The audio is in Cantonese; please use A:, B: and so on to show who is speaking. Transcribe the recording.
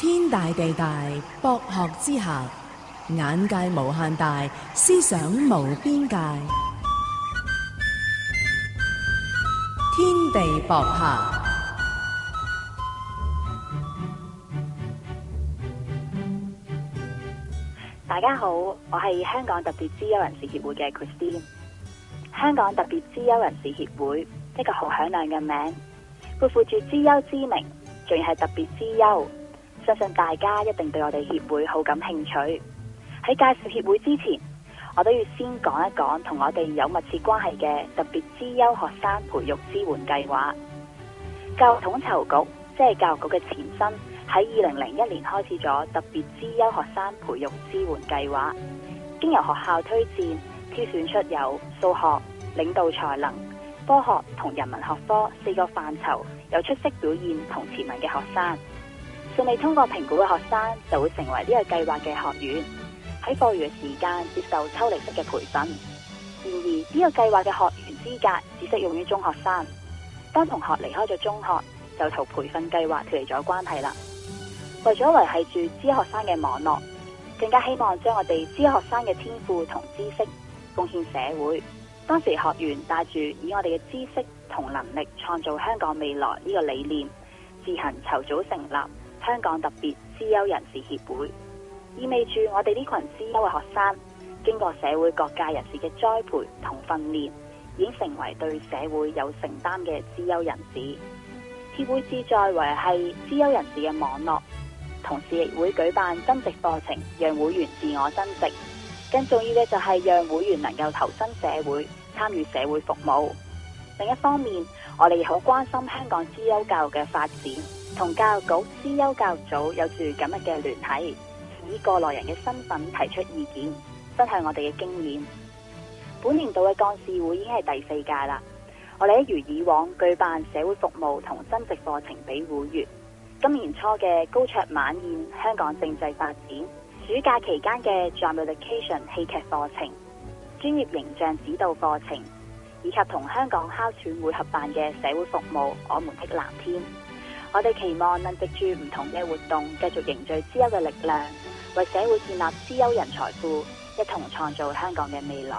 A: 天大地大，博學之下，眼界無限大，思想無邊界。天地博客，大家好，我係香港特別資優人士協會嘅 Christine。香港特別資優人士協會，一個好響亮嘅名，背負住資優之名，仲要係特別資優。相信大家一定對我哋協會好感興趣。喺介紹協會之前，我都要先講一講同我哋有密切關係嘅特別資優學生培育支援計劃。教育統籌局即係教育局嘅前身，喺二零零一年開始咗特別資優學生培育支援計劃，經由學校推薦挑選出有數學、領導才能、科學同人文學科四個範疇有出色表現同潛能嘅學生。仲未通過評估嘅學生就會成為呢個計劃嘅學員，喺課餘嘅時間接受抽離式嘅培訓。然而呢個計劃嘅學員資格只適用於中學生，當同學離開咗中學，就同培訓計劃脫離咗關係啦。為咗維繫住資學生嘅網絡，更加希望將我哋資學生嘅天賦同知識貢獻社會。當時學員帶住以我哋嘅知識同能力創造香港未來呢個理念，自行籌組成立。香港特別資優人士協會，意味住我哋呢群資優嘅學生經過社會各界人士嘅栽培同訓練，已經成為對社會有承擔嘅資優人士。協會志在維繫資優人士嘅網絡，同時亦會舉辦增值課程，讓會員自我增值。更重要嘅就係讓會員能夠投身社會，參與社會服務。另一方面，我哋亦好關心香港資優教育嘅發展。同教育局、資優教育組有住緊密嘅聯繫，以過來人嘅身份提出意見，分享我哋嘅經驗。本年度嘅幹事會已經係第四屆啦。我哋一如以往舉辦社會服務同增值課程俾會員。今年初嘅高桌晚宴，香港政制發展；暑假期間嘅 education 戲劇課程、專業形象指導課程，以及同香港哮喘會合辦嘅社會服務《我們的藍天》。我哋期望能藉住唔同嘅活動，繼續凝聚資優嘅力量，為社會建立資優人才庫，一同創造香港嘅未來。